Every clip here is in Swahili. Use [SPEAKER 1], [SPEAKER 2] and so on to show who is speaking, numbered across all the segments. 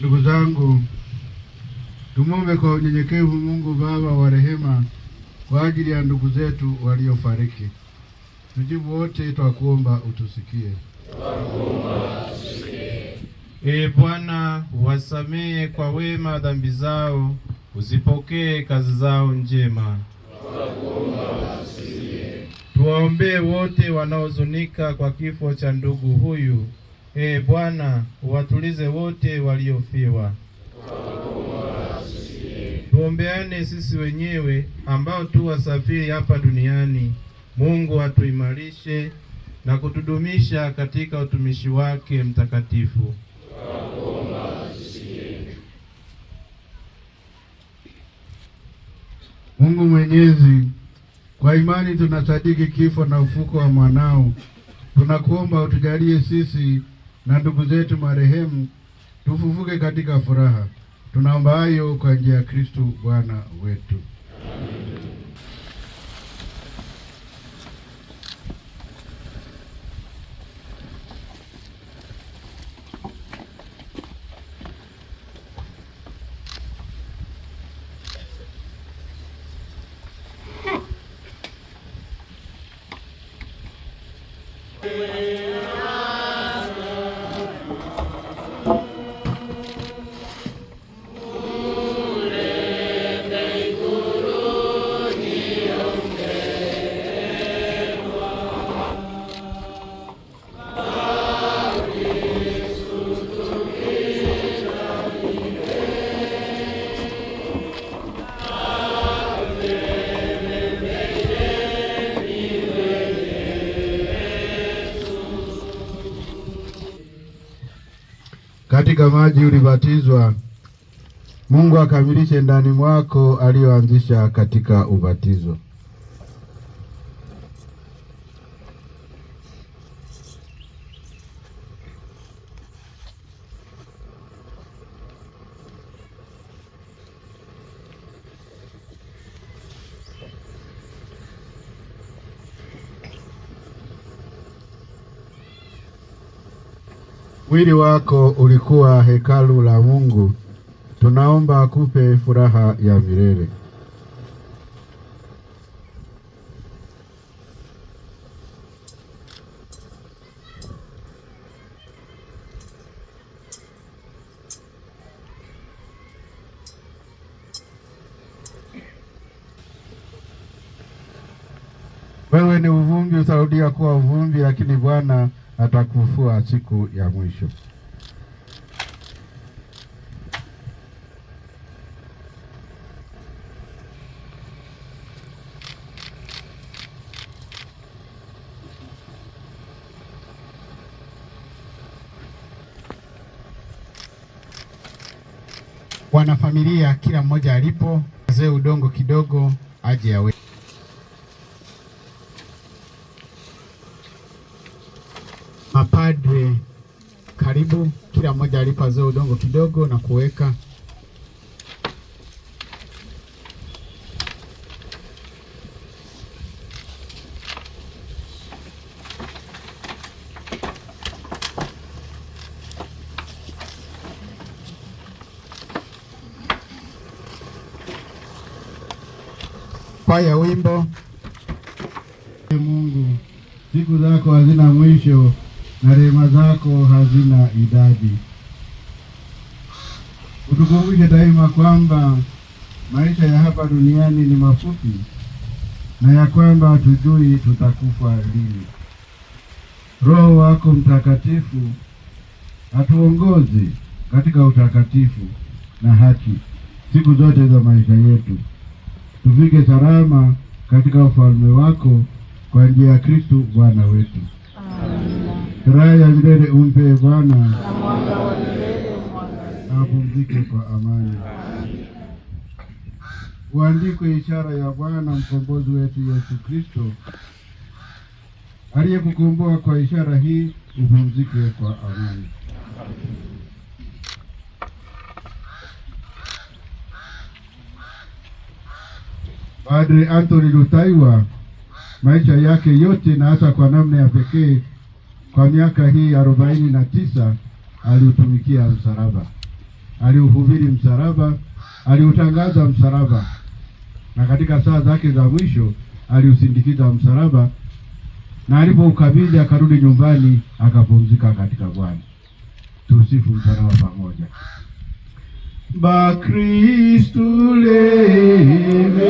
[SPEAKER 1] Ndugu zangu, tumombe kwa unyenyekevu Mungu Baba wa rehema kwa ajili ya ndugu zetu waliofariki. Tujibu wote, twakuomba utusikie. E Bwana, uwasamehe kwa wema dhambi zao, uzipokee kazi zao njema. Tuwaombee wote wanaozunika kwa kifo cha ndugu huyu E Bwana, uwatulize wote waliofiwa. Tuombeane sisi wenyewe ambao tu wasafiri hapa duniani. Mungu atuimarishe na kutudumisha katika utumishi wake mtakatifu. Mungu Mwenyezi, kwa imani tunasadiki kifo na ufuko wa mwanao, tunakuomba utujalie sisi na ndugu zetu marehemu, tufufuke katika furaha. Tunaomba hayo kwa njia ya Kristo Bwana wetu. katika maji ulibatizwa, Mungu akamilishe ndani mwako aliyoanzisha katika ubatizo. Mwili wako ulikuwa hekalu la Mungu, tunaomba akupe furaha ya milele. Wewe ni uvumbi, utarudia kuwa uvumbi, lakini Bwana atakufua siku ya mwisho. Wanafamilia kila mmoja alipo, wazee udongo kidogo aje awe karibu, kila mmoja alipazoe udongo kidogo na kuweka ya wimbo Mungu, siku zako hazina mwisho na rehema zako hazina idadi. Utukumbushe daima kwamba maisha ya hapa duniani ni mafupi na ya kwamba hatujui tutakufa lini. Roho wako Mtakatifu atuongoze katika utakatifu na haki siku zote za maisha yetu, tufike salama katika ufalme wako kwa njia ya kristu Bwana wetu. Furaha ya milele umpe Bwana, apumzike kwa amani. Uandikwe ishara ya Bwana mkombozi wetu Yesu Kristo aliyekukomboa kwa ishara hii, upumzike kwa amani. Padre Anthony Lutaiwa maisha yake yote na hata kwa namna ya pekee kwa miaka hii arobaini na tisa aliutumikia msalaba, aliuhubiri msalaba, aliutangaza msalaba, na katika saa zake za mwisho aliusindikiza msalaba, na alipoukabidhi akarudi nyumbani akapumzika katika Bwana. Tusifu msalaba pamoja. Bakristu leme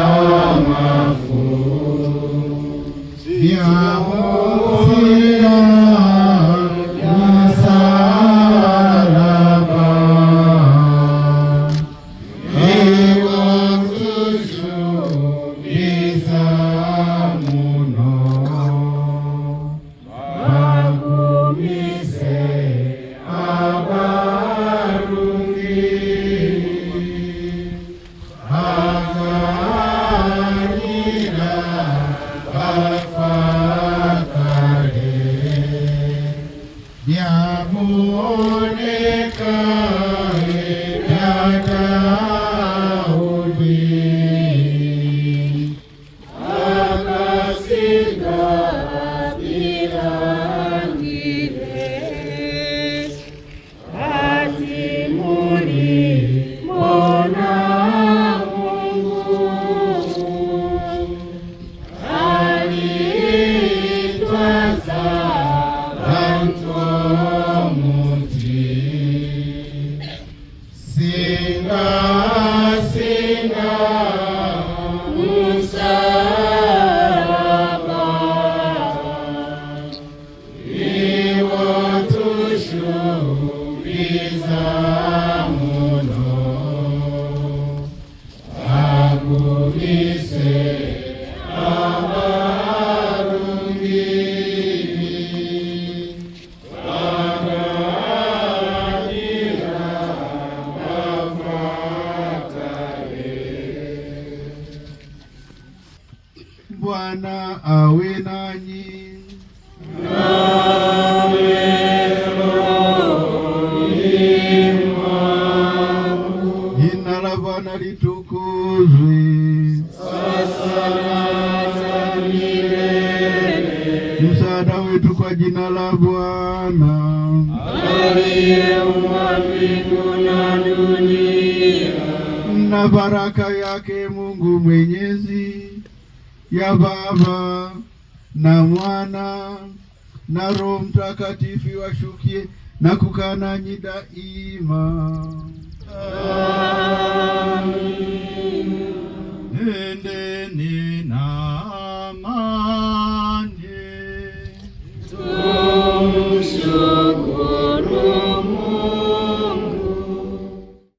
[SPEAKER 2] aliyeumba mbingu na dunia,
[SPEAKER 1] na baraka yake Mungu Mwenyezi ya Baba na Mwana na Roho Mtakatifu washukie na kukaa nanyi daima.